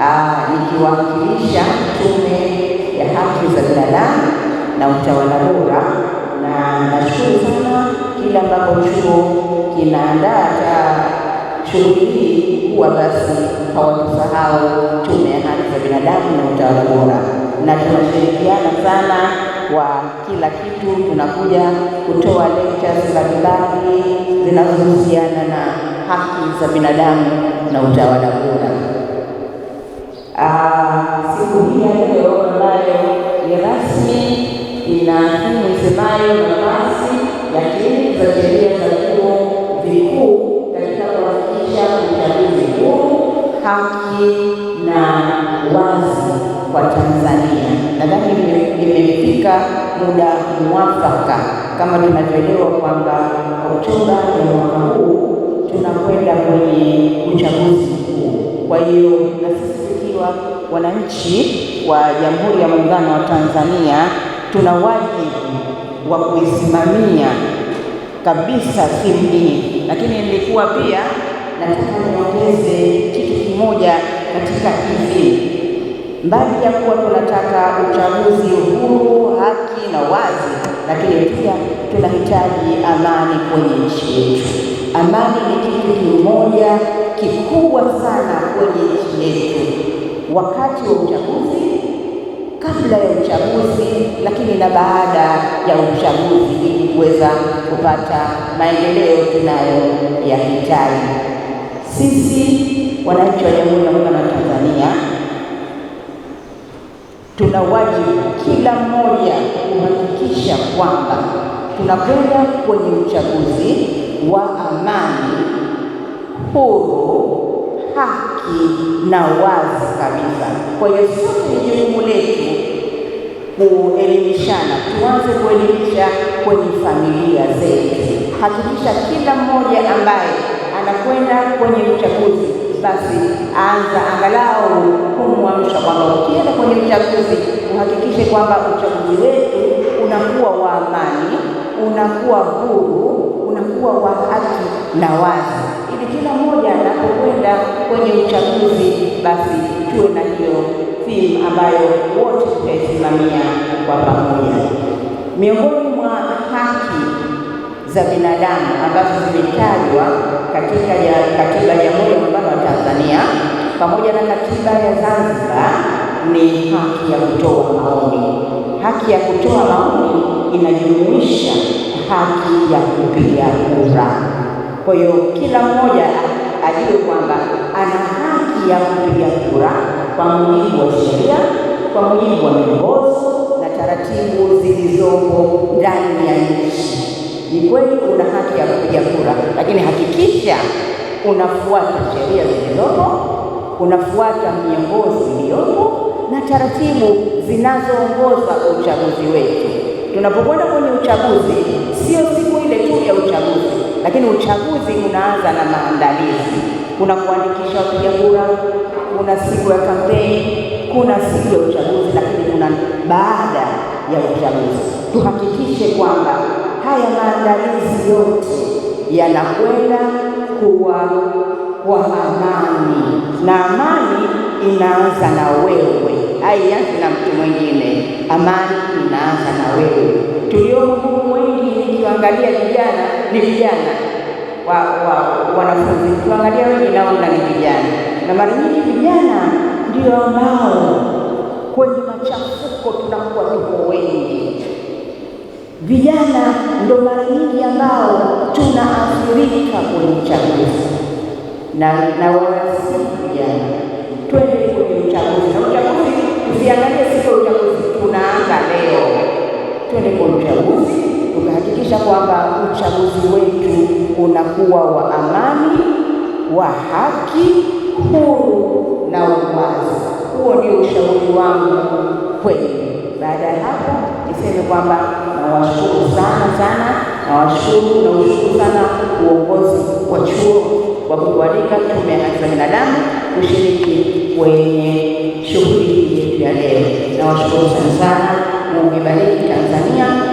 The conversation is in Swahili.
Ah, nikiwakilisha Tume ya Haki za Binadamu na Utawala Bora, na nashukuru sana kila ambapo chuo kinaandaa shughuli hii, kuwa basi hawakusahau Tume ya Haki za Binadamu na Utawala Bora, na tunashirikiana sana kwa kila kitu. Tunakuja kutoa lectures mbalimbali zinazohusiana na haki za binadamu na utawala bora. Ah, siku hii ya leo ambayo ni rasmi inahimu isemayo nafasi lakini za sheria za vyuo vikuu katika kuhakikisha uchaguzi huru, haki na wazi kwa Tanzania. Nadhani imefika muda mwafaka, kama tunavyoelewa kwamba Oktoba ya mwaka huu tunakwenda kwenye uchaguzi mkuu. Kwa hiyo na sisi tukiwa wananchi wa Jamhuri ya Muungano wa Tanzania tuna wajibu wa kuisimamia kabisa simu hii, lakini nilikuwa pia nataka niongeze kitu kimoja katika hivi, mbali ya kuwa tunataka uchaguzi huru, haki na wazi, lakini pia tunahitaji amani kwenye nchi yetu. Amani ni kitu kimoja kikubwa sana kwenye nchi yetu. Wakati wa uchaguzi, kabla ya uchaguzi, lakini na baada ya uchaguzi, ili kuweza kupata maendeleo tunayoyahitaji. Sisi wananchi wa Jamhuri ya Muungano wa Tanzania tuna wajibu kila mmoja kuhakikisha kwamba tunakwenda kwenye uchaguzi wa amani, huru, haki na wazi kabisa. Kwa hiyo sote ni jukumu letu kuelimishana, tuanze kuelimisha kwenye familia zetu, hakikisha kila mmoja ambaye anakwenda kwenye uchaguzi basi anza angalau kumwamsha kwamba ukienda kwenye uchaguzi uhakikishe kwamba uchaguzi wetu unakuwa wa amani, unakuwa huru kuwa wa haki na wazi, ili kila mmoja anapokwenda kwenye uchaguzi basi tuwe na hiyo theme ambayo wote tutaisimamia kwa pamoja. Miongoni mwa haki za binadamu ambazo zimetajwa katika ya katiba ya Jamhuri ya Muungano wa Tanzania pamoja na katiba ya Zanzibar ni haki ya kutoa maoni. Haki ya kutoa maoni inajumuisha haki ya kupiga kura. Kwa hiyo kila mmoja ajue kwamba ana haki ya kupiga kura kwa mujibu wa sheria, kwa mujibu wa miongozo na taratibu zilizopo ndani ya nchi. Ni kweli una haki ya kupiga kura, lakini hakikisha unafuata sheria zilizopo, unafuata miongozo iliyopo na taratibu zinazoongoza uchaguzi wetu tunapokwenda kwenye uchaguzi, sio siku ile tu ya uchaguzi, lakini uchaguzi unaanza na maandalizi. Kuna kuandikisha wapiga kura, kuna siku ya kampeni, kuna siku ya uchaguzi, lakini kuna baada ya uchaguzi. Tuhakikishe kwamba haya maandalizi yote yanakwenda kuwa kwa amani, na amani inaanza na wewe haianzi na mtu mwingine, amani inaanza na wewe. Tuliomo wengi, nikiangalia vijana ni vijana wa, wa wanafunzi, nikiangalia wengi naona ni vijana, na mara nyingi vijana ndio ambao kwenye machafuko tunakuwa tuko wengi. Vijana ndo mara nyingi ambao tunaathirika kwenye chafuko na na wasi vijana twende Usiangalie siku ya uchaguzi, tunaanza leo. Twende kwa uchaguzi tukahakikisha kwamba uchaguzi wetu unakuwa wa amani, wa haki, huru na uwazi. Huo ndio ushauri wangu kwenu. Baada ya hapo, niseme kwamba nawashukuru sana sana, nawashukuru ushukuru sana uongozi wa chuo kwa kutualika Tume ya Haki za Binadamu kushiriki kwenye shughuli ya leo. Nawashukuru sana sana, Mungu ibariki Tanzania.